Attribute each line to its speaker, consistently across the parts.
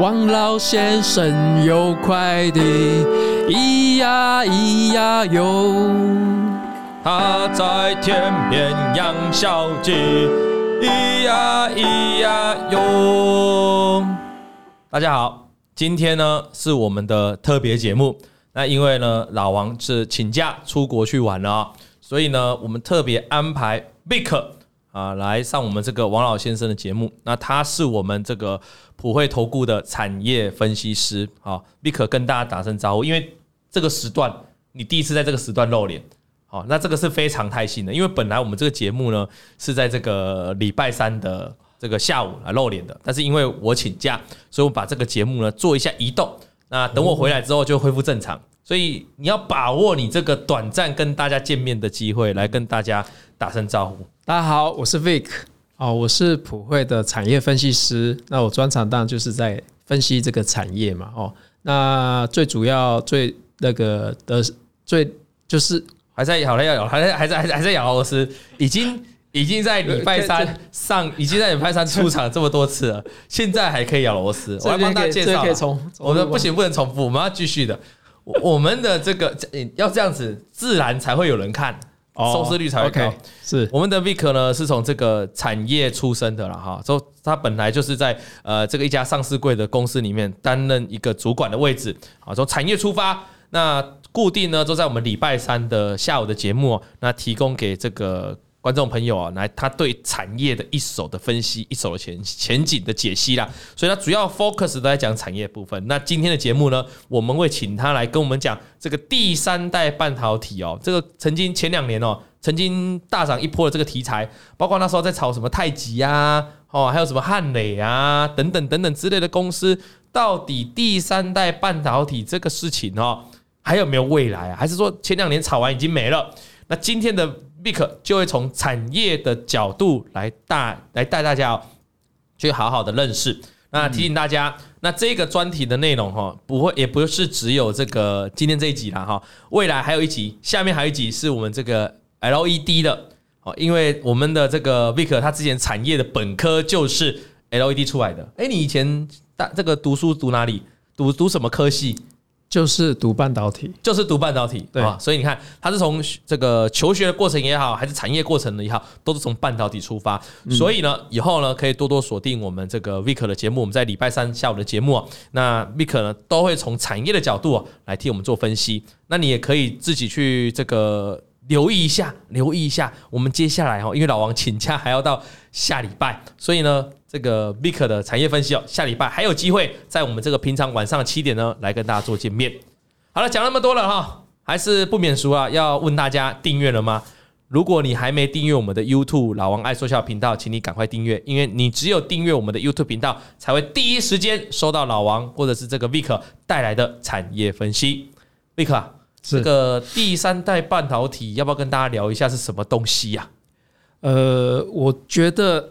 Speaker 1: 王老先生有塊地，咿呀咿
Speaker 2: 呀喲。他在田邊養小雞，咿呀咿呀喲。大家好，今天呢是我們的特別節目。那因為呢老王是請假出國去玩了、哦，所以呢我們特別安排 VIC 啊來上我們這個王老先生的節目。那他是我們這個。浦惠投顧的產業分析師好，Vic 跟大家打聲招呼，因為這個時段你第一次在這個時段露臉，好，那這個是非常開心的，因為本來我們這個節目呢是在這個禮拜三的這個下午來露臉的，但是因為我請假，所以我把這個節目呢做一下移動，那等我回來之後就恢復正常、嗯，所以你要把握你這個短暫跟大家見面的機會，來跟大家打聲招呼。
Speaker 1: 大家好，我是 Vic。哦，我是普惠的產業分析師，那我專長當然就是在分析這個產業嘛。哦，那最主要最那個的
Speaker 2: 最就是還在咬咬，好了，要有還在還在還在還在咬螺絲，已經已經在禮拜三上,對對對上，已經在禮拜三出場這麼多次了，現在還可以咬螺絲。這邊可以，我來幫大家介紹，這邊可以重，我們不行，不能重複，我們要繼續的。我們的這個 要這樣子，自然才會有人看。收視率才會高。oh, okay, 是。是我們的 VIC 呢，是從這個產業出身的了哈，說他本來就是在呃這個一家上市櫃的公司裡面擔任一個主管的位置，啊，從產業出發，那固定呢都在我們禮拜三的下午的節目，那提供給這個。觀眾朋友啊，來，他對產業的一手的分析，一手的前前景的解析啦，所以他主要 focus 都在講產業部分。那今天的節目呢，我們會請他來跟我們講這個第三代半導體哦，這個曾經前兩年哦，曾經大漲一波的這個題材，包括那時候在炒什麼太極啊，哦，還有什麼漢磊啊，等等等等之類的公司，到底第三代半導體這個事情哦，還有沒有未來啊？還是說前兩年炒完已經沒了？那今天的。Vic 就會從產業的角度來帶來帶大家去好好的認識。那提醒大家，那這個專題的內容哈，不會也不是只有這個今天這一集了哈，未來還有一集，下面還有一集是我們這個 LED 的哦，因為我們的這個 Vic 它之前產業的本科就是 LED 出來的。哎，你以前大這個讀書讀哪裡？讀讀什麼科系？就是讀半導體，就是讀半導體，對吧、哦？所以你看，它是從這個求學的過程也好，還是產業過程的也好，都是從半導體出發、嗯。所以呢，以後呢，可以多多鎖定我們這個 VIC 的節目。我們在禮拜三下午的節目啊，那 VIC 呢，都會從產業的角度啊來替我們做分析。那你也可以自己去這個。留意一下，留意一下，我們接下來哈，因為老王請假還要到下禮拜，所以呢，這個 VIC 的產業分析哦，下禮拜還有機會在我們這個平常晚上七點呢來跟大家做見面。好了，講了那麼多了哈，還是不免俗啊，要問大家訂閱了嗎？如果你還沒訂閱我們的 YouTube 老王愛說笑頻道，請你趕快訂閱，因為你只有訂閱我們的 YouTube 頻道，才會第一時間收到老王或者是這個 VIC 帶來的產業分析。VIC 啊！這個第三代半導體要不要跟大家聊一下是什麼東西呀？啊。呃，
Speaker 1: 我覺得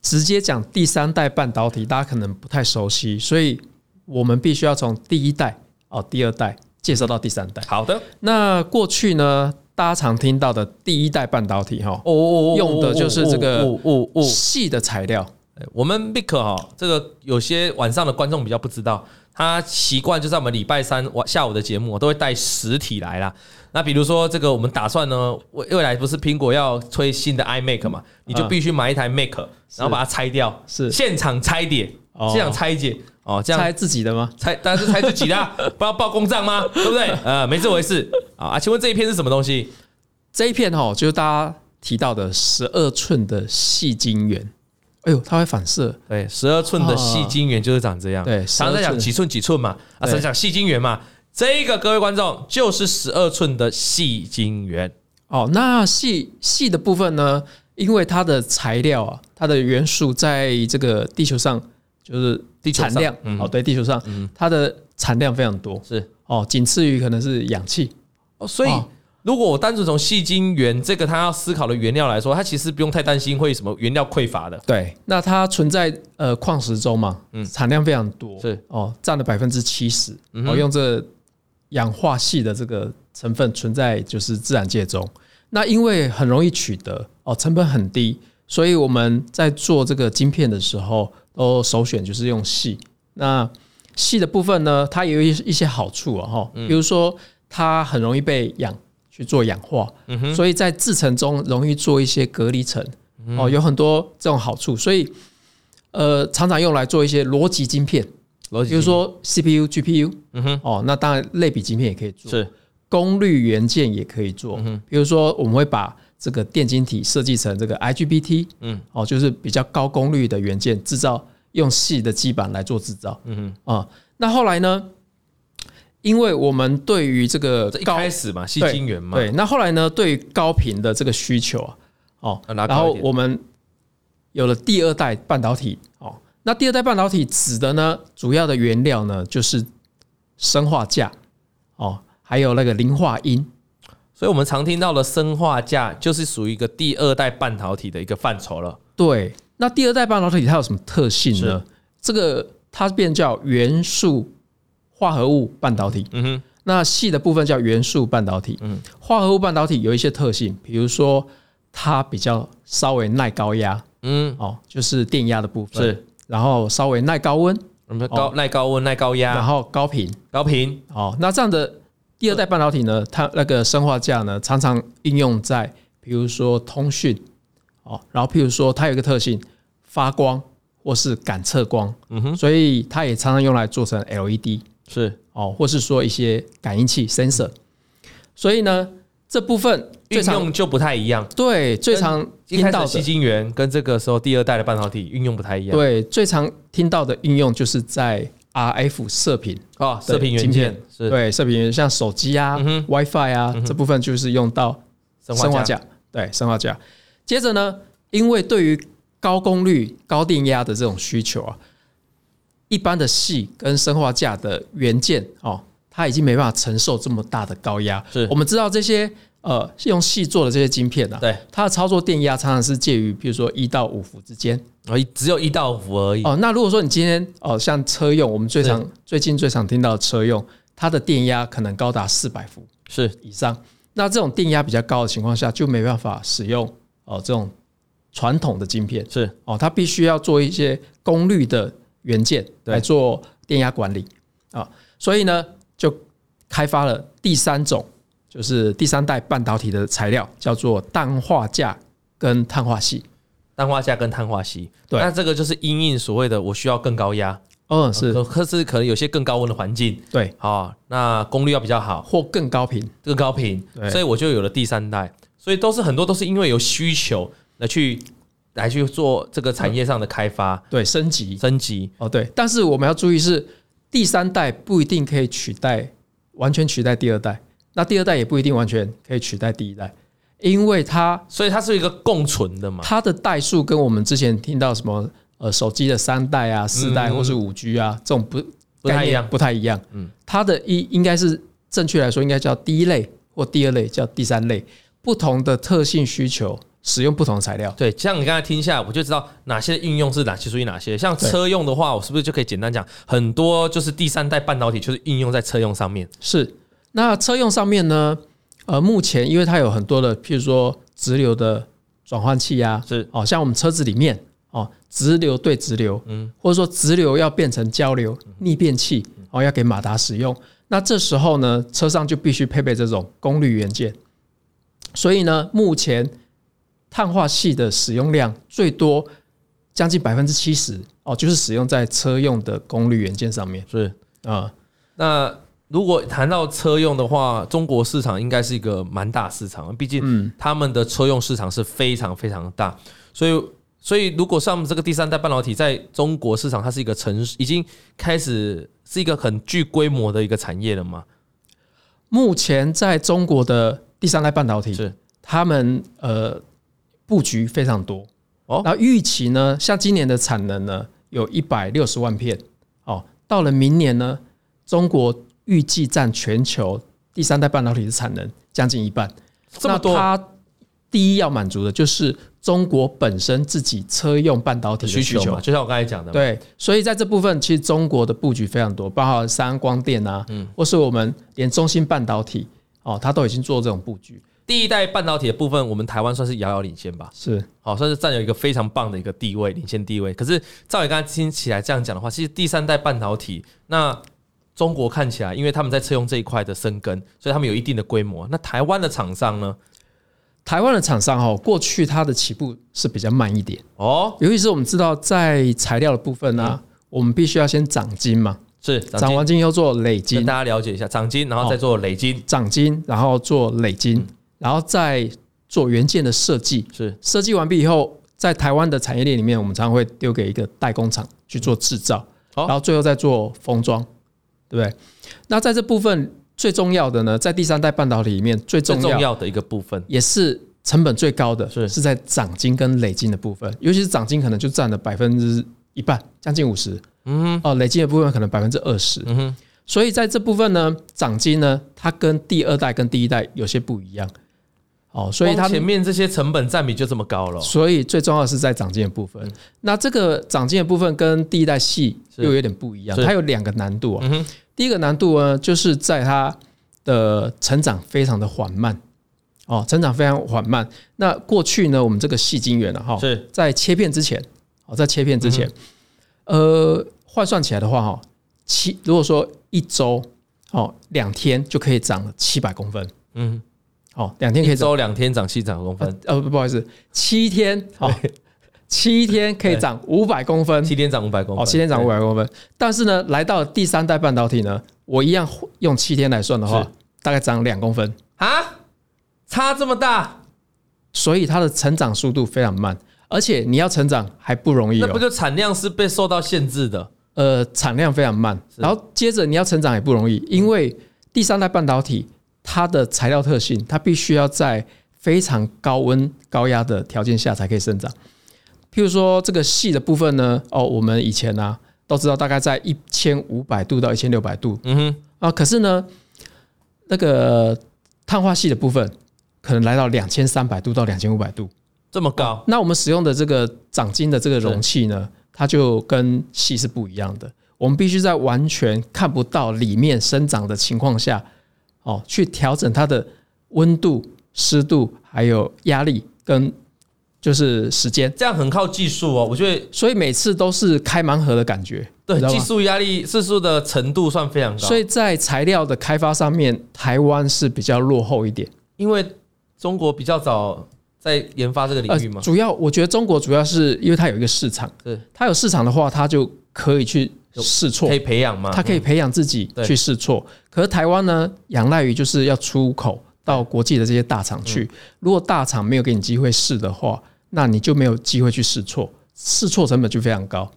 Speaker 1: 直接講第三代半導體，嗯、大家可能不太熟悉，所以我們必須要從第一代哦，第二代介紹到第三代，嗯。好的，那過去呢，大家常聽到的第一代半導體哈，哦哦哦，用的就是這個哦
Speaker 2: 哦哦矽的材料。哦哦哦哦，我們 Nick 哦，哈，這個有些晚上的觀眾比較不知道。他習慣就在我們禮拜三晚下午的節目，我都會帶實體來啦。那比如說，這個我們打算呢，未未來不是蘋果要推新的 iMac 嘛？你就必須買一台 Mac，、嗯、然後把它拆掉，是現場拆點現場拆解哦,哦，這樣拆自己的嗎？拆，大家是拆自己的、啊， 不要報公賬嗎？對不對？呃，沒這回事啊。請問這一片是什麼東西？
Speaker 1: 這一片哦，就是大家提到的十二寸的矽晶圓。哎呦，它會反射。對，十二寸的矽晶圓就是長這樣。對，常常講幾
Speaker 2: 寸幾寸嘛，啊，常講矽晶圓嘛。這個各位觀眾就是十二寸的矽晶圓。哦，那細細的部分呢？
Speaker 1: 因為它的材料啊，它的元素在這個地球上就是產量。哦，對，地球上它的產量非常多。是。哦，僅次於可能是氧氣。
Speaker 2: 哦，所以。如果我單純從矽晶圓這個它要思考的原料來說，它其實不用太擔心會什麼原料匱乏的。對，
Speaker 1: 那它存在呃礦石中嘛，嗯，產量非常多，是哦，佔了百分之七十。哦，嗯、用這個氧化矽的這個成分存在就是自然界中，那因為很容易取得哦，成本很低，所以我們在做這個晶片的時候，都、哦、首選就是用矽。那矽的部分呢，它也有一一些好處啊、哦、哈，比如說它很容易被氧。去做氧化，嗯、所以在製程中容易做一些隔離層、嗯，哦，有很多這種好處，所以呃，常常用來做一些邏輯晶，晶片，比如說 CPU GPU、嗯、GPU，哦，那當然類比晶片也可以做，是，功率元件也可以做，嗯、比如說我們會把這個電晶體設計成這個 IGBT、嗯、哦，就是比較高功率的元件製造，用細的基板來做製造，嗯哼，啊、哦，那後來呢？因為我們對於這個這一開始嘛，矽晶圓嘛，對,對，那後來呢，對於高頻的這個需求啊，哦，然後我們有了第二代半導體，哦，那第二代半導體指的呢，主要的原料呢就是砷化鎵哦，還有那個磷化铟，
Speaker 2: 所以我們常聽到的砷化鎵，就是屬於一個第二代半導體的一個範疇了。
Speaker 1: 對，那第二代半導體它有什麼特性呢？這個它變叫元素。化合物半導體，嗯哼，那矽的部分叫元素半導體。嗯，化合物半導體有一些特性，比如說它比較稍微耐高壓，嗯，哦，就是電壓的部分、嗯、是，然後稍微耐高溫，我們高、哦、耐
Speaker 2: 高溫耐高壓，然
Speaker 1: 後高頻高頻，哦，那這樣的第二代半導體呢，它那個砷化鎵呢，常常應用在比如說通訊，哦，然後譬如說它有一個特性發光或是感測光，嗯哼，所以它也常常用來做成 LED。是哦，或是說一些感應器 sensor，、嗯、所以呢，這部分運用就不太一樣。對，最常聽到的矽晶圓跟這個時候第二代的半導體運用不太一樣。對，最常聽到的應用就是在 RF 射頻啊，射、哦、頻元件是對射頻，像手機啊、嗯、WiFi 啊、嗯、這部分就是用到砷化鎵。對，砷化鎵。接着呢，因為對於高功率、高電壓的這種需求啊。一般的矽跟砷化鎵的元件哦，它已經沒辦法承受這麼大的高壓。是我們知道這些呃用矽做的這些晶片啊，對，它的操作電壓常常是介於譬如說一到五伏之間，而只有一到五伏而已。哦，那如果說你今天哦像車用，我們最常最近最常聽到的車用，它的電壓可能高達四百伏是以上。那這種電壓比較高的情況下，就沒辦法使用哦這種傳統的晶片是哦，它必須要做一些功率的。元件來做電壓管理啊，所以呢，就開發了第三種，就是第三代半導體的材料，叫做氮化鎵跟碳化矽。
Speaker 2: 氮化鎵跟碳化矽，對，那這個就是因應所謂的我需要更高壓，嗯，是，可是可能有些更高溫的環境，對，啊，那功率要比較好，或更高頻，更高頻，對，所以我就有了第三代，所以都是很多都是因為有需求來去。來去做這個產業上的開發，嗯、對升級、升級哦，對。
Speaker 1: 但是我們要注意是，是第三代不一定可以取代，完全取代第二代。那第二代也不一定完全可以取代第一代，因為它，所以它是一個共存的嘛。它的代數跟我們之前聽到什麼，呃，手機的三代啊、四代或是五 G 啊、嗯，這種不不太一樣，不太一樣。嗯，它的一應該是正確來說，應該叫第一類或第二類，叫第三類，不同的特性需求。使用不同的材料，
Speaker 2: 對，像你剛才聽一下我就知道哪些應用是哪些屬於哪些。像車用的話，我是不是就可以簡單講，很多就是第三代半導體就是應用在車用上面？
Speaker 1: 是。那車用上面呢？呃，目前因為它有很多的，譬如說直流的轉換器啊，是，哦，像我們車子裡面哦，直流對直流，嗯，或者說直流要變成交流逆變器，哦，要給馬達使用，那這時候呢，車上就必須配備這種功率元件。所以呢，目前。碳化矽的使用量最多將近百分之七十哦，就是使用在車用的功率元件上
Speaker 2: 面。是啊、嗯，那如果談到車用的話，中國市場應該是一個蠻大市場，畢竟他們的車用市場是非常非常大。所以，所以如果像這個第三代半導體在中國市場，它是一個成已經開始是一個很具規模的一個產業了嘛、
Speaker 1: 嗯？目前在中國的第三代半導體，是他們呃。布局非常多哦，那預期呢，像今年的產能呢，有一百六十萬片哦。到了明年呢，中國預計占全球第三代半導體的產能將近一半。
Speaker 2: 這麼多，它
Speaker 1: 第一要滿足的就是中國本身自己車用半導體的需求嘛，需求啊、就像我
Speaker 2: 剛才講的。對，
Speaker 1: 所以在這部分，其實中國的布局非常多，包括三安光電啊、嗯，或是我們連中芯半導體哦，它都已經做這種布局。
Speaker 2: 第一代半導體的部分，我們台灣算是遙遙領先吧？是，好，算是佔有一個非常棒的一個地位，領先地位。可是照你剛才聽起來這樣講的話，其實第三代半導體，那中國看起來，因為他們在車用這一塊的生根，所以他們有一定的規模。那台灣的廠商呢？
Speaker 1: 台灣的廠商哈，過去它的起步是比較慢一點哦。尤其是我們知道，在材料的部分呢、啊嗯，我們必須要先長晶嘛？
Speaker 2: 是，長完
Speaker 1: 晶要做磊晶，大家了解一下，長晶然後再做磊晶，哦、長晶然後做磊晶。嗯然後再做元件的設計，是，設計完畢以後，在台灣的產業鏈裡面，我們常常會丟給一個代工廠去做製造，嗯，然後最後再做封裝，對不對？那在這部分最重要的呢，在第三代半導體裡面最重，最重要的一個部分，也是成本最高的，是，是在漲金跟累金的部分，尤其是漲金可能就占了百分之一半，將近五十，嗯，嗯，哦，累金的部分可能百分之二十，嗯哼，所以在這部分呢，漲金呢，它跟第二代跟第一代有些不一樣。哦，所以它前
Speaker 2: 面這些成本占比就這麼高了。所
Speaker 1: 以最重要的是在長晶的部分。那這個長晶的部分跟第一代矽又有點不一樣。它有兩個難度、啊、第一個難度呢，就是在它的成長非常的緩慢，哦，成長非常緩慢。那過去呢，我們這個矽晶圓呢，哈，在切片之前，哦，在切片之前，呃，換算起來的話，哈，七如果說一周，哦，兩天就可以長了七百公分，嗯。哦，兩天可以收兩天漲七漲公分，呃、哦、不好意思，七天哦，七天可以漲五百公分，七天漲五百公分，哦、七天漲五百公分，但是呢，來到第三代半導體呢，我一樣用七天來算的話，大概漲兩公分
Speaker 2: 啊，差這麼大，
Speaker 1: 所以它的成長速度非常慢，而且你要成長還不容易、哦，那不
Speaker 2: 就產量是被受到限制的，
Speaker 1: 呃產量非常慢，然後接着你要成長也不容易，因為第三代半導體。嗯它的材料特性，它必須要在非常高溫高壓的條件下才可以生長。譬如說，這個矽的部分呢，哦，我們以前呢、啊、都知道大概在一千五百度到一千六百度，嗯哼啊，可是呢，那個碳化矽的部分可能來到兩千三百度到兩千五百度，
Speaker 2: 這麼高、
Speaker 1: 啊。那我們使用的這個長晶的這個容器呢，它就跟矽是不一樣的，我們必須在完全看不到裡面生長的情況下。哦，去調整它的溫度、濕度，還有壓力跟就是時間，這樣很靠技術哦，我覺得。所以每次都是開盲盒的感覺。對，技術
Speaker 2: 壓力、技術的程度算非常高。所以
Speaker 1: 在材料的開發上面，台灣是比較落後一點，
Speaker 2: 因為中國比較早在研發這個領域嘛。主
Speaker 1: 要我覺得中國主要是因為它有一個市場，對，它有市場的話，它就可以去。試錯可以培養嗎？他可以培養自己去試錯、嗯。可是台灣呢，仰賴於就是要出口到國際的這些大廠去、嗯。如果大廠沒有給你機會試的話，那你就沒有機會去試錯，試錯成本就非
Speaker 2: 常高。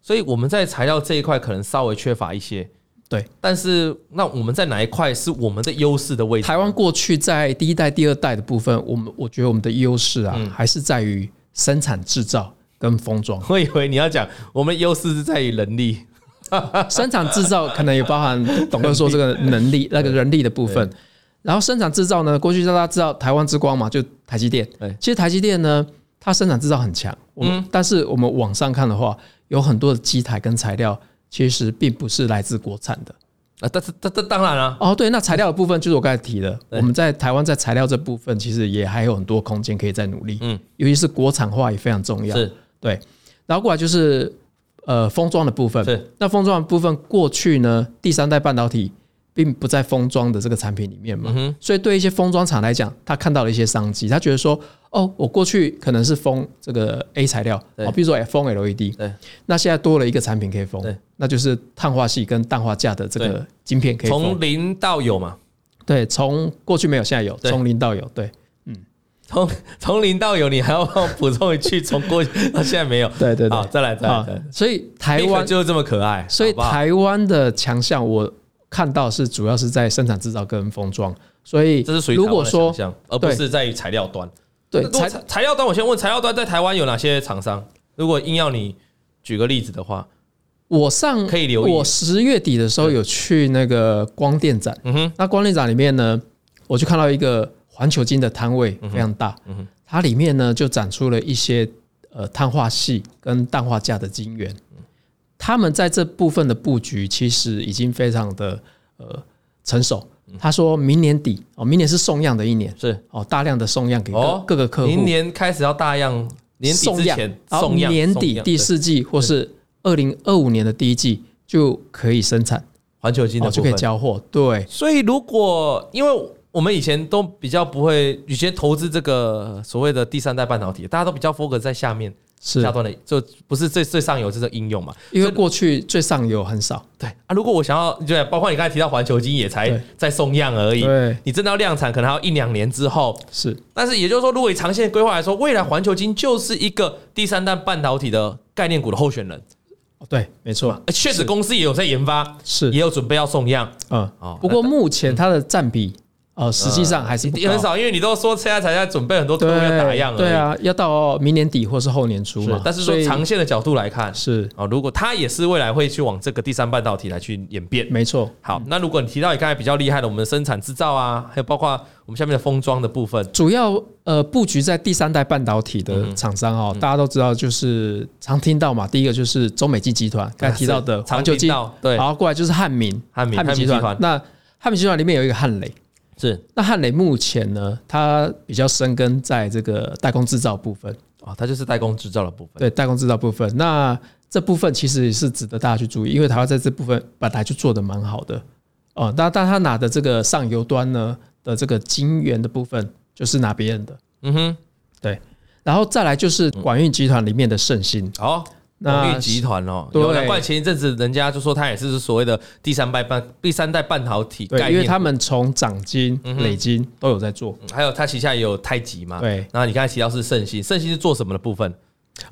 Speaker 2: 所以我們在材料這一塊可能稍微缺乏一些，對。但是那我們在哪一塊是我們的優勢的位置？台灣過去
Speaker 1: 在第一代、第二代的部分，我們我覺得我們的優勢啊、嗯，還是在於生產制造。跟封裝，我以為你要講，我們優勢是在於人力，生產製造可能也包含董哥說這個能力那個人力的部分。然後生產製造呢，過去讓大家知道台灣之光嘛，就台積電。其實台積電呢，它生產製造很強，嗯，但是我們網上看的話，有很多的機台跟材料其實並不是來自國產的啊。但是，但但當然了，哦，對，那材料的部分就是我剛才提的，我們在台灣在材料這部分其實也還有很多空間可以再努力，嗯，尤其是國產化也非常重要，是。對，然後過來就是呃封裝的部分。那封裝的部分過去呢，第三代半導體並不在封裝的這個產品裡面嘛，嗯、哼所以對一些封裝廠來講，他看到了一些商機，他覺得說，哦，我過去可能是封這個 A 材料，啊，比如說封 LED，對，那現在多了一個產品可以封，對那就是碳化矽跟氮化鎵的這個晶片，可以封，可以從
Speaker 2: 零到有嘛？
Speaker 1: 對，從過去沒有，現在有，從零到有，對。
Speaker 2: 從從零到有，你還要補充一句，從過去到現在沒有。對對，對，好，再來再來。所以台灣就是這麼可愛。所以台
Speaker 1: 灣的強項我看到是主要是在生產制造跟封裝。所以這是屬於，如果說，而不是
Speaker 2: 在於材料端。對，對材材料端，我先問材料端在台灣有哪些廠商？如果硬要你舉個例子的話，
Speaker 1: 我上可以留意。我十月底的時候有去那個光電展。嗯哼，那光電展裡面呢，我就看到一個。環球晶的攤位非常大，嗯嗯、它裡面呢就展出了一些呃碳化矽跟氮化鎵的晶圓，他們在這部分的布局其實已經非常的呃成熟。他說明年底哦，明年是送樣的一年，是哦大量的送樣給各、哦、各個客戶。明年
Speaker 2: 開始要大樣，年底之前送樣，送樣年底第四
Speaker 1: 季或是二零二五年的第一季就可以生產環球晶的、哦、就可以交貨。對，
Speaker 2: 所以如果因為。我們以前都比較不會以前投資這個所謂的第三代半導體，大家都比較 focus 在下面是下端的，就不是最最上游這個應用嘛。
Speaker 1: 因為過去最上游很少。對
Speaker 2: 啊，如果我想要，對，包括你剛才提到環球晶也才在送樣而已，你真的要量產可能還要一兩年之後。是，但是也就是說，如果你長線規劃來說，未來環球晶就是一個第三代半導體的概念股的候選人。對，沒錯，確實公司也有在研發，是也有準備要送樣，嗯
Speaker 1: 啊。不過目前它的佔比。呃，實際上還是
Speaker 2: 也很少，因為你都說現在才在準備很多東西要打樣了。對啊，
Speaker 1: 要到明年底或是後年
Speaker 2: 初嘛。是，但是說長線的角度來看，是啊，如果它也是未來會去往這個第三半導體來去演變，沒錯。好，那如果你提到你剛才比較厲害的，我們的生產製造啊，還有包括我們下面的封裝的部分，
Speaker 1: 主要呃，布局在第三代半導體的廠商哦、嗯，大家都知道，就是常聽到嘛，第一個就是中美晶集團剛、嗯、才提到的環球晶，對，然後過來就是漢民
Speaker 2: 漢民漢民集團，那
Speaker 1: 漢民集團裡面有一個漢磊。是，那漢磊目前呢，它比較深耕在這個代工制造部分啊，它、哦、就是代工制造的部分。對，代工制造部分，那這部分其實也是值得大家去注意，因為它在這部分本來就做得蠻好的哦，但、哦、但他拿的這個上游端呢的這個晶圓的部分，就是拿別人的。嗯哼，對，然後再來就是廣運集團裡面的盛興。哦。那集團哦對，難怪
Speaker 2: 前一陣子人家就說他也是所謂的第三代半第三代半導體概念對，因為他
Speaker 1: 們從長晶、嗯、磊
Speaker 2: 晶都有在做、嗯，還有他旗下也有太極嘛。對，那你剛才提到是盛興，盛興是做什麼的部分？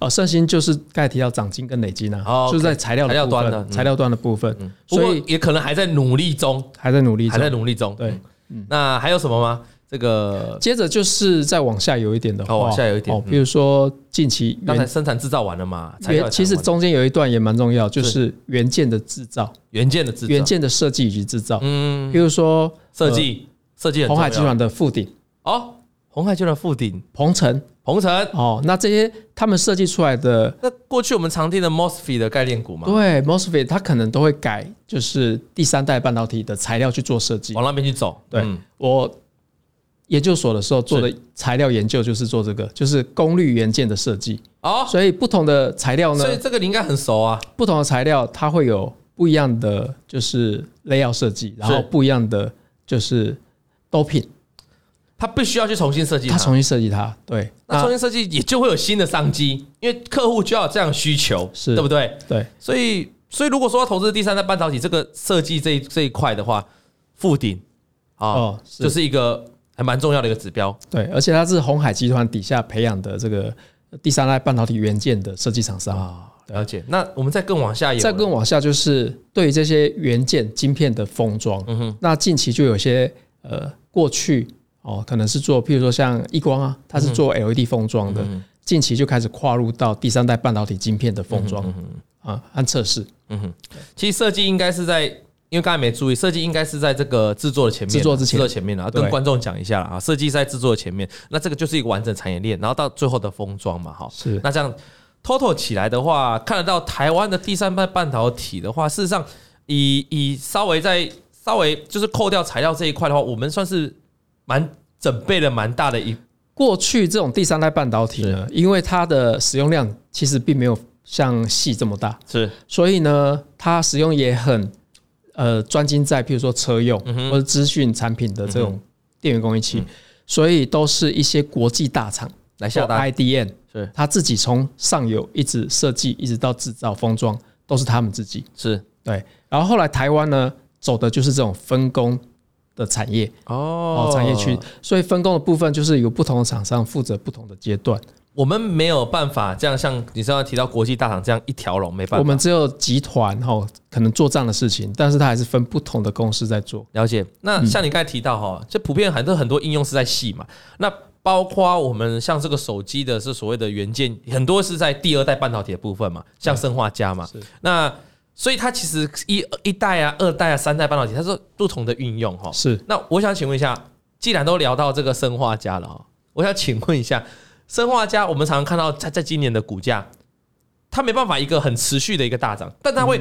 Speaker 1: 哦，盛興就是剛才提到長晶跟磊晶、啊、哦，okay, 就是在材料材料端的、嗯、材料端的部分，所、嗯、以
Speaker 2: 也可能還在，還在努力中，還在努力，還在努力中。對、嗯嗯，那還有什麼嗎？嗯
Speaker 1: 這個接着就是再往下有一點的話、哦，往下有一點哦，比如說近期剛、嗯、才生產製造完了嘛，了其實中間有一段也蠻重要，就是元件的製造、元件的製、元件的設計以及製造。嗯，比如說設計
Speaker 2: 設計，鴻、呃、海集團
Speaker 1: 的富鼎哦，鴻海集團富鼎，鵬程鵬程哦，那這些他們設計出來的，那
Speaker 2: 過去我們常聽的 MOSFET 的概念股
Speaker 1: 嘛，對 MOSFET，它可能都會改，就是第三代半導體的材料去做設計，往那邊去走。對，嗯、我。研究所的時候做的材料研究就是做這個，就是功率元件的設計哦。所以不同的材料呢，所以這個你應該很熟啊。不同的材料它會有不一樣的就是 layout 設計，然後不一樣的就是 doping，
Speaker 2: 它必須要去重新設計，它重新
Speaker 1: 設計它，對。那重新
Speaker 2: 設計也就會有新的商機，因為客戶就要這樣需求，是對不對？對。所以，所以如果說投資第三代半導體這個設計這這一塊的話，富鼎啊，就是一個。還蠻重要的一個指標，
Speaker 1: 對，而且它是鴻海集團底下培養的這個第三代半導體元件的設計廠商啊，了
Speaker 2: 解。那我們再更往下，一再更往
Speaker 1: 下就是對於這些元件晶片的封裝，嗯哼，那近期就有些呃過去哦，可能是做，譬如說像億光啊，它是做 LED 封裝的、嗯，近期就開始跨入到第三代半導體晶片的封裝、嗯、啊按測試，嗯
Speaker 2: 哼，其實設計應該是在。因為剛才沒注意，設計應該是在這個製作的前面，製作之前，的前面然後，要跟觀眾講一下啊！設計在製作的前面，那這個就是一個完整產業鏈，然後到最後的封裝嘛，哈。是，那這樣 total 起來的話，看得到台灣的第三代半導體的話，事實上以，以以稍微在稍微就是扣掉材料這一塊的話，我們算是蠻準備了蠻大的一。
Speaker 1: 過去這種第三代半導體呢，因為它的使用量其實並沒有像矽這麼大，是，所以呢，它使用也很。呃，專精在譬如說車用、嗯、或者資訊產品的這種電源供應器，嗯、所以都是一些國際大廠來下單。IDM，是他自己從上游一直設計，一直到製造封裝都是他們自己。是對，然後後來台灣呢，走的就是這種分工的產業哦，產業區，所以分工的部分就是由不同的廠商負責不同的階段。
Speaker 2: 我們沒有辦法這樣，像你剛才提到國際大廠這樣一條龍，沒辦法。我們只
Speaker 1: 有集團哈，可能做這樣的事情，但是他還是分不同的公司在做。
Speaker 2: 了解。那像你剛才提到哈，這、嗯、普遍很多很多應用是在矽嘛？那包括我們像這個手機的，是所謂的元件，很多是在第二代半導體的部分嘛，像砷化鎵嘛。是。那所以它其實一一代啊、二代啊、三代半導體，它是不同的運用哈。是。那我想請問一下，既然都聊到這個砷化鎵了哈，我想請問一下。生化家，我們常常看到在在今年的股價，它沒辦法一個很持續的一個大漲，但它會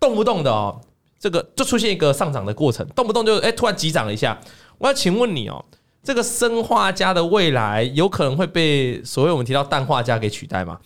Speaker 2: 動不動的哦，這個就出現一個上漲的過程，動不動就哎突然急漲了一下。我要請問你哦，這個砷化鎵的未來有可能會被所謂我們提到氮化鎵給取代嗎？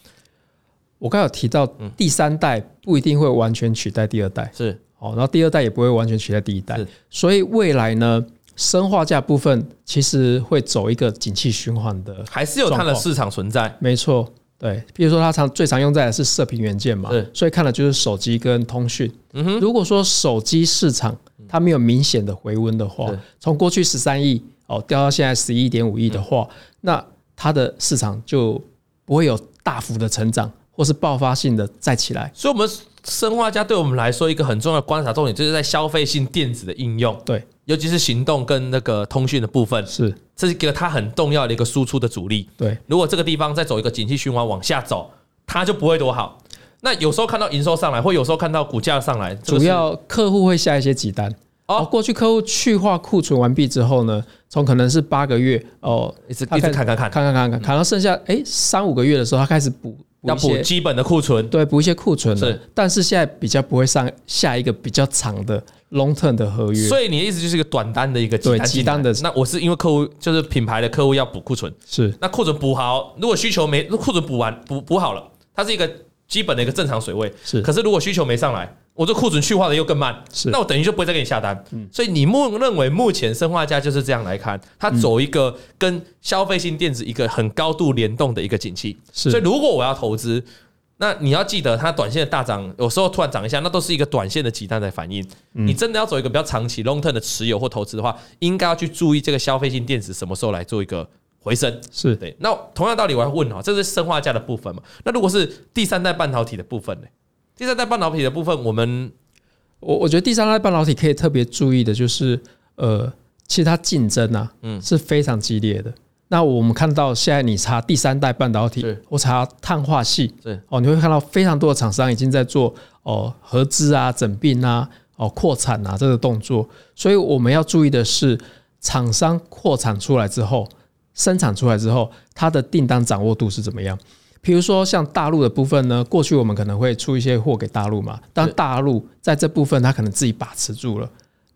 Speaker 1: 我剛有提到，嗯，第三代不一定會完全取代第二代，是哦，然後第二代也不會完全取代第一代，所以未來呢？砷化鎵部分其實會走一個景氣循環的，還是有它的市場存在。沒錯，對。譬如說，它常最常用在的是射頻元件嘛，所以看的就是手機跟通訊。嗯哼。如果說手機市場它沒有明顯的回溫的話，從過去十三億哦掉到現在十一點五億的話，嗯，那它的市場就不會有大幅的成長，或是爆發性的再起來。
Speaker 2: 所以，我們砷化鎵對我們來說一個很重要的觀察重點，就是在消費性電子的應用。對。尤其是行動跟那個通訊的部分，是這是一個它很重要的一個輸出的主力。對，如果這個地方再走一個景氣循環往下走，它就不會多好。那有時候看到營收上來，或有時候看到股價上來，主要
Speaker 1: 客戶會下一些幾單。哦、哦，過去客戶去化庫存完畢之後呢，從可能是八個月，哦、哦，一直一直砍砍砍，砍砍砍砍，砍到剩下哎三五個月的時候，他開始補要補基
Speaker 2: 本的庫存，對，補一些庫存。是，
Speaker 1: 但是現在比較不會上下一個比較長的。Long term 的合約，所
Speaker 2: 以你的意思就是一個短單的一個簡單訂單的。那我是因為客戶就是品牌的客戶要補庫存，是那庫存補好，如果需求沒，庫存補完補補好了，它是一個基本的一個正常水位。是，可是如果需求沒上來，我這庫存去化的又更慢，是那我等於就不會再給你下單。嗯、所以你目認為目前砷化鎵就是這樣來看，它走一個跟消費性電子一個很高度聯動的一個景氣。是，所以如果我要投資。那你要記得，它短線的大漲，有時候突然漲一下，那都是一個短線的急單在反應。你真的要走一個比較長期 （long term） 的持有或投資的話，應該要去注意這個消費性電子什麼時候來做一個回升。是的，那同樣道理，我要問哈，這是砷化鎵的部分嘛？那如果是第三代半導體的部分呢？第三代半導體的部分，我們我我覺得第
Speaker 1: 三代半導體可以特別注意的就是，呃，其實它競爭啊，嗯，是非常激烈的。嗯那我們看到，現在你查第三代半導體，我查碳化矽，哦，你會看到非常多的廠商已經在做哦合資啊、整併啊、哦擴產啊，這個動作。所以我們要注意的是，廠商擴產出來之後，生產出來之後，它的訂單掌握度是怎麼樣？譬如說像大陸的部分呢，過去我們可能會出一些貨給大陸嘛，但大陸在這部分它可能自己把持住了。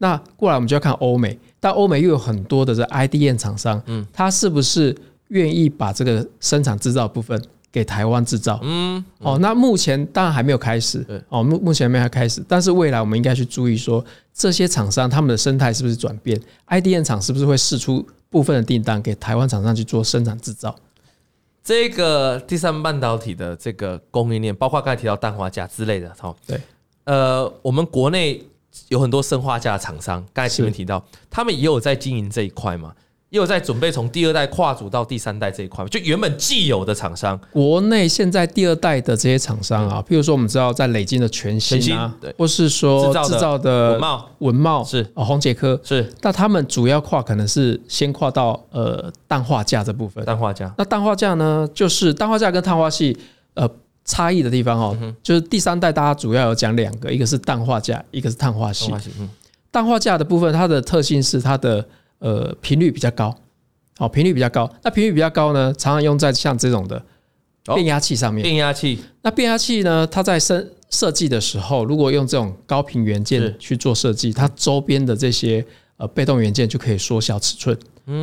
Speaker 1: 那過來我們就要看歐美，但歐美又有很多的這 IDM 廠商，嗯，他是不是願意把這個生產制造部分給台灣製造，那是是是是灣製造嗯？嗯，哦，那目前當然還沒有開始，哦，目目前還沒有開始，但是未來我們應該去注意說，這些廠商他們的生態是不是轉變 IDM 廠是不是會釋出部分的訂單給台灣廠商去做生產制造，嗯
Speaker 2: 嗯？這個第三半導體的這個供應鏈，包括剛才提到氮化鎵之類的，好，對，呃，我們國內。有很多砷化鎵的廠商，剛才前面提到，他們也有在經營這一塊嘛，也有在準備從第二代跨足到第三代這一塊。就原本既有的廠商，
Speaker 1: 國內現在第二代的這些廠商啊、嗯，譬如說我們知道在磊晶的全新啊，新對或是說製造的穩懋。是啊、哦，宏捷科是，那他們主要跨可能是先跨到呃氮化鎵這部分。氮化鎵那氮化鎵呢，就是氮化鎵跟碳化矽呃。差異的地方哦，就是第三代，大家主要有講兩個，一個是氮化鎵，一個是碳化硅。氮化鎵的部分，它的特性是它的呃頻率比較高，頻率比較高。那頻率比較高呢，常常用在像這種的變壓器上面。變壓器。那變壓器呢，它在設設計的時候，如果用這種高頻元件去做設計，它周邊的這些呃被動元件就可以縮小尺寸。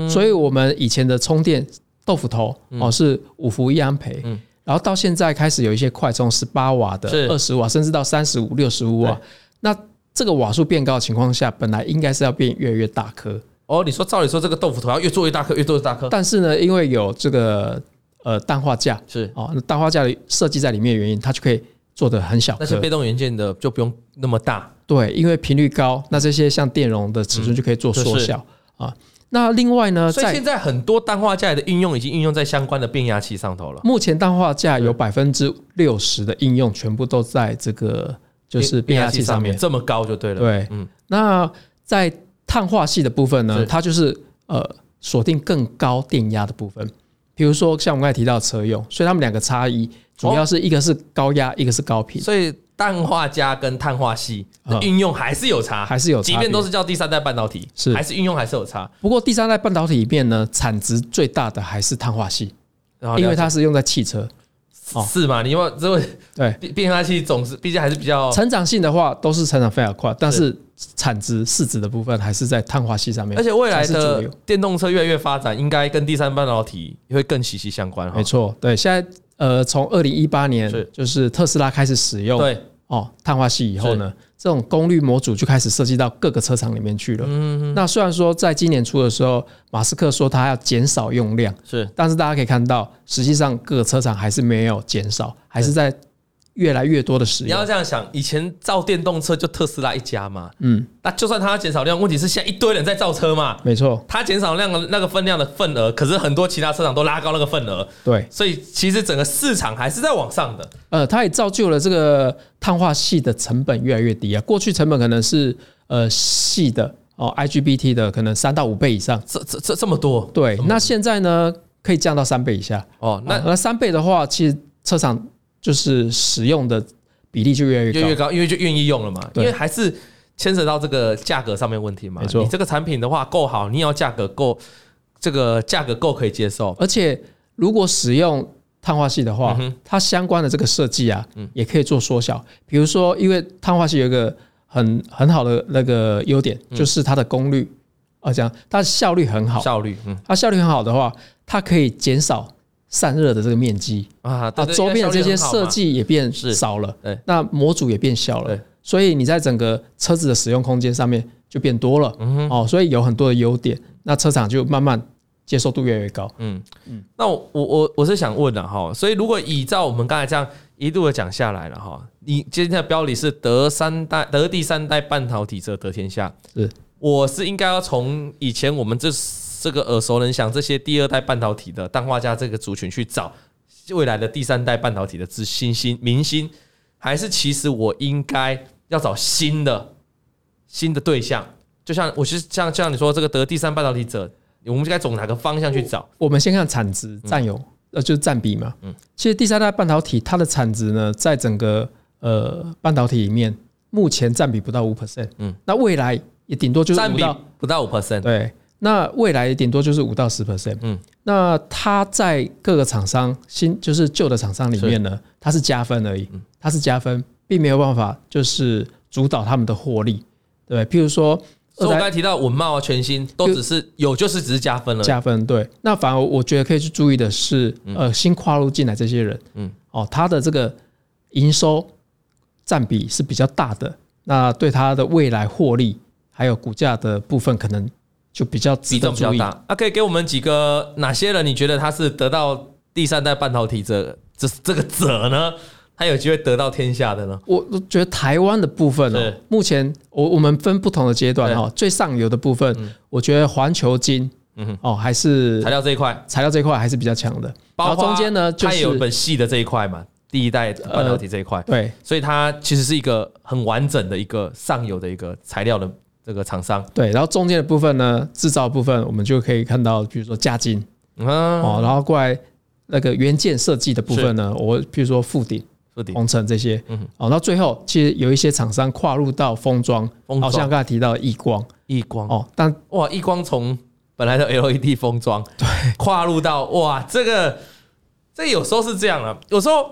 Speaker 1: 所以我們以前的充電豆腐頭哦，是五伏一安培。然後到現在開始有一些快充十八瓦的、二十瓦，甚至到三十五、六十五瓦。那這個瓦數變高的情況下，本來應該是要變越來越大顆。
Speaker 2: 哦，你說照理說這個豆腐頭要越做越大顆，越做越大顆。但
Speaker 1: 是呢，因為有這個呃氮化鎵是哦，那氮化鎵的設計在裡面的原因，它就可以做得很小。那些被
Speaker 2: 動元件的就不用那麼大。
Speaker 1: 對，因為頻率高，那這些像電容的尺寸就可以做縮小啊。嗯那另外呢？所以現在很
Speaker 2: 多氮化鎵的應用已經應用在相關的變壓器上頭
Speaker 1: 了。目前氮化鎵有百分之六十的應用，全部都在這個就是變壓器上面。這麼
Speaker 2: 高就對了。對，嗯。
Speaker 1: 那在碳化矽的部分呢，它就是呃鎖定更高電壓的部分。比如說像我們剛才提到車用，所以它們兩個差異主要是一個是高壓，一個是高頻，
Speaker 2: 哦。所以氮化鎵跟碳化矽，應用還是有差，嗯、還是有差，即便都是叫第三代半導體，是還是應用還是有差。
Speaker 1: 不過第三代半導體裡面呢，產值最大的還是碳化矽，啊、因為它是用在汽車。
Speaker 2: 哦、是嘛？因為因為對，變變壓器總是，畢竟還是比較成
Speaker 1: 長性的話，都是成長非常快，但是產值市值的部分還是在碳化矽上面。而且未來的
Speaker 2: 電動車越來越發展，應該跟第三代半導體會更息息相關。哦、沒
Speaker 1: 錯，對，現在。呃，從二零一八年是就是特斯拉開始使用，對哦，碳化矽以後呢，這種功率模組就開始設計到各個車廠裡面去了。嗯哼，那雖然說在今年初的時候，馬斯克說他要減少用量，是，但是大家可以看到，實際上各個車廠還是沒有減少，還是在。越來越多的使用。你要
Speaker 2: 這樣想，以前造電動車就特斯拉一家嘛，嗯，那就算它減少量，問題是現在一堆人在造車嘛，沒錯，它減少量的那個分量的份額，可是很多其他車廠都拉高那個份額，對，所以其實整個市場還是在往上的。
Speaker 1: 呃，它也造就了這個碳化矽的成本越來越低啊，過去成本可能是呃矽的哦，IGBT 的可能三到五倍以上，這這這麼多，對，那現在呢可以降到三倍以下，哦，那而三倍的話，其實車廠。就是使用的比例就越來越高，因
Speaker 2: 為就願意用了嘛，因為還是牽扯到這個價格上面問題嘛。沒錯，你這個產品的話夠好，你也要價格夠，這個價格夠可以接受。而
Speaker 1: 且如果使用碳化矽的話，它相關的這個設計啊，也可以做縮小。比如說，因為碳化矽有一個很很好的那個優點，就是它的功率啊，這樣它的效率很好，效率，嗯，它效率很好的，的話，它可以減少，散熱的這個面積啊，到周邊的這些設計也變少了，那模組也變小了，所以你在整個車子的使用空間上面就變多了，嗯哼，哦，所以有很多的優點，那車廠就慢慢接受度越來越高，嗯
Speaker 2: 嗯，那我我我是想問的哈，所以如果依照我們剛才這樣一路的講下來了哈，你今天的標題是“得三代得第三代半導體者得天下”，是，我是應該要從以前我們這。這個耳熟能詳，這些第二代半導體的氮化鎵這個族群去找未來的第三代半導體的之星星明星，還是其實我應該要找新的新的對象？就像我其實像像你說這個得第三半導體者，我們應該走哪個方向去找？
Speaker 1: 我們先看產值占有，呃，就是占比嘛。嗯，其實第三代半導體它的產值呢，在整個呃半導體裡面，目前占比不到五 percent。嗯，那未來也頂多就是5佔比
Speaker 2: 不到五 percent。對。
Speaker 1: 那未來頂多就是五到十 percent。嗯，那它在各個廠商新就是舊的廠商裡面呢，它是,是加分而已，它、嗯、是加分，並沒有辦法就是主導他們的獲利。對，譬如說，
Speaker 2: 所以我剛才提到穩懋啊，全新都只是有，就是只是加分了。加
Speaker 1: 分對。那反而我覺得可以去注意的是，呃，新跨入進來這些人，嗯，哦，他的這個營收占比是比較大的，那對他的未來獲利還有股價的部分可能。就比較注意比重比較
Speaker 2: 大啊，可以給我們幾個哪些人？你覺得他是得到第三代半導體這這這個者呢？他有機會得到天下的呢？
Speaker 1: 我覺得台灣的部分哦，目前我我們分不同的階段哈，最上游的部分，我覺得環球晶，嗯哼，哦，還是材料這一塊，材料這一塊還是比較強的。包括中間呢，它有有
Speaker 2: 本細的這一塊嘛，第一代半導體這一塊，對，所以它其實是一個很完整的一個上游的一個材料的。這個廠商
Speaker 1: 對，然後中間的部分呢，製造部分我們就可以看到，比如說嘉晶哦、喔，然後過來那個元件設計的部分呢，我比如說富鼎、富鼎、紅層這些，嗯，哦，那最後其實有一些廠商跨入到封裝，好像剛才提到億光、喔、億光哦，
Speaker 2: 但哇，億光從本來的 LED 封裝對跨入到哇，這個這個有時候是這樣的，啊，有時候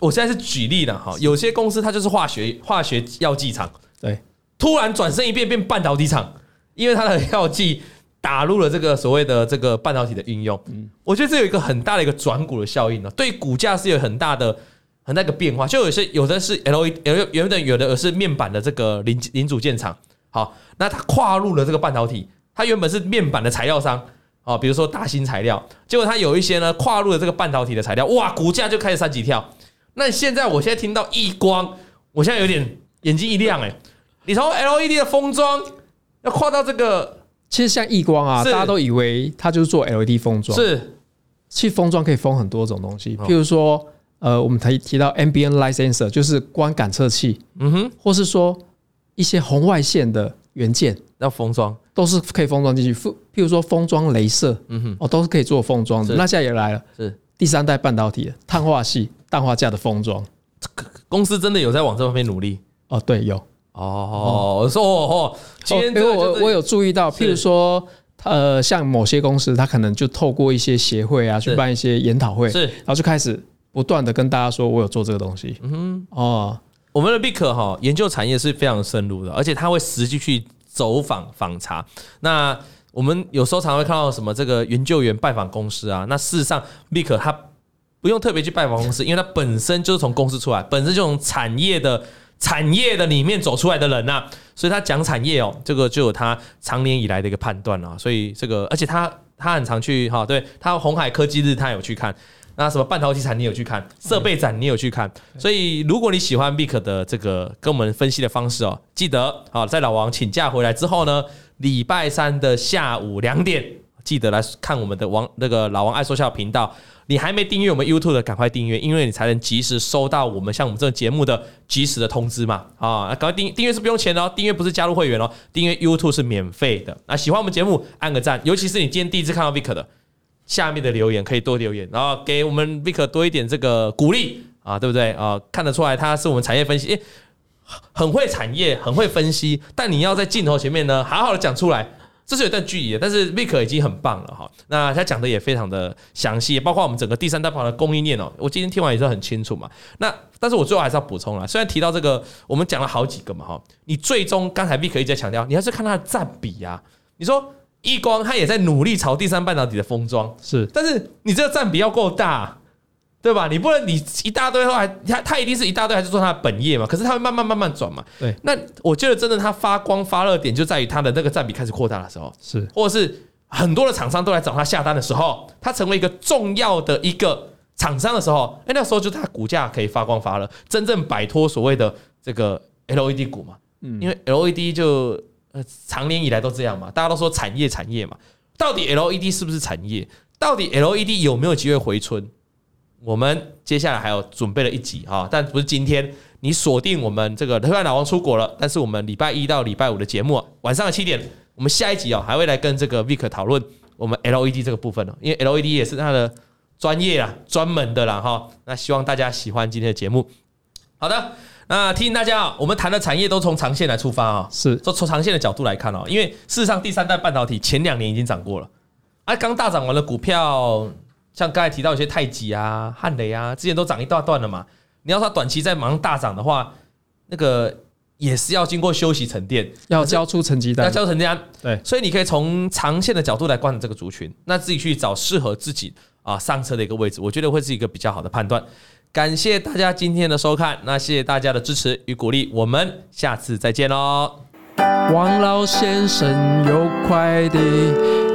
Speaker 2: 我現在是舉例了哈、喔，有些公司它就是化學化學藥劑廠對。突然轉身一變，變半導體廠，因為它的藥劑打入了這個所謂的這個半導體的應用。嗯，我覺得這有一個很大的一個轉股的效應了，對股價是有很大的很大一個變化。就有些有的是 L E，有原本有的而是面板的這個零零組件廠。好，那它跨入了這個半導體，它原本是面板的材料商啊，比如說達興材料，結果它有一些呢跨入了這個半導體的材料，哇，股價就開始三級跳。那現在我現在聽到億光，我現在有點眼睛一亮哎、欸。你從 LED 的封裝要跨到這個，其實像億光啊，大家都
Speaker 1: 以為它就是做 LED 封裝，是，去封裝可以封很多種東西，譬如說，呃，我們提提到 ambient light sensor 就是光感測器，嗯哼，或是說一些紅外線的元件要封裝，都是可以封裝進去。譬如說封裝雷射，嗯哼，哦，都是可以做封裝的。那現在也來了，是第三代半導體的碳化矽、氮化鎵的封裝，這
Speaker 2: 個公司真的有在往這方面努力？
Speaker 1: 哦，對，有。
Speaker 2: 哦、oh, so, oh, okay, 就是，是哦，因為我我有注意到，譬如說，
Speaker 1: 呃，像某些公司，他可能就透過一些協會啊，去辦一些研討會，是，然後就開始不斷的跟大家說，我
Speaker 2: 有做這個東西。嗯哼，哦，我們的 VIC 哈，研究產業是非常深入的，而且他會實際去走訪訪查。那我們有時候常會看到什麼這個研究員拜訪公司啊，那事實上，VIC 他不用特別去拜訪公司，因為他本身就是從公司出來，本身就是從產業的。產業的裡面走出來的人吶、啊，所以他講產業哦、喔，這個就有他常年以來的一個判斷啊。所以這個，而且他他很常去哈、喔，對，他鴻海科技日，他有去看，啊，那什麼半導體展你有去看，設備展你有去看。所以如果你喜歡 MIC 的這個跟我們分析的方式哦、喔，記得好，在老王請假回來之後呢，禮拜三的下午兩點，記得來看我們的王那個老王愛說笑頻道。你還沒訂閱我們 YouTube 的，趕快訂閱，因為你才能及時收到我們像我們這種節目的及時的通知嘛。啊，趕快訂訂閱是不用錢的哦，訂閱不是加入會員哦，訂閱 YouTube 是免費的。啊，喜歡我們節目按個讚，尤其是你今天第一次看到 VIC 的下面的留言，可以多留言，然後給我們 VIC 多一點這個鼓勵啊，對不對啊？看得出來他是我們產業分析、欸，很會產業，很會分析，但你要在鏡頭前面呢，好好的講出來。這是有段距離的，但是 i 微科已經很棒了哈。那他講的也非常的詳細，也包括我們整個第三代半的供應鏈哦，我今天聽完也是很清楚嘛。那但是我最後還是要補充啦，雖然提到這個，我們講了好幾個嘛哈。你最終剛才 i 微科一直在強調，你要是看它的佔比呀、啊，你說易光他也在努力朝第三半導體的封裝是，但是你這個佔比要夠大。對吧？你不能，你一大堆話，他他一定是一大堆，還是做他的本業嘛，可是他會慢慢慢慢轉嘛。對。那我覺得，真的，它發光發熱點就在於它的那個佔比開始擴大的時候，是，或者是很多的廠商都來找他下單的時候，它成為一個重要的一個廠商的時候，哎，那時候就它股價可以發光發熱，真正擺脫所謂的這個 LED 股嘛。嗯，因為 LED 就呃，長年以來都這樣嘛，大家都說產業產業嘛，到底 LED 是不是產業？到底 LED 有沒有機會回春？我們接下來還有準備了一集啊，但不是今天。你鎖定我們這個特派老王出國了，但是我們禮拜一到禮拜五的節目，晚上的七點，我們下一集哦，還會來跟這個 VIC 討論我們 LED 這個部分了，因為 LED 也是他的專業啊，專門的啦哈。那希望大家喜歡今天的節目。好的，那提醒大家啊，我們談的產業都從長線來出發啊，是，從從長線的角度來看啊。因為事實上第三代半導體前兩年已經漲過了，而剛大漲完了股票。像剛才提到的一些太極啊、漢磊啊，之前都漲一大段、段了嘛。你要說短期再馬上大漲的話，那個也是要經過休息沉澱，要交出成績單，交出成績單。對，對，所以你可以從長線的角度來觀察這個族群，那自己去找適合自己啊上車的一個位置，我覺得會是一個比較好的判斷。感謝大家今天的收看，那謝謝大家的支持與鼓勵，我們下次再見
Speaker 1: 嘍。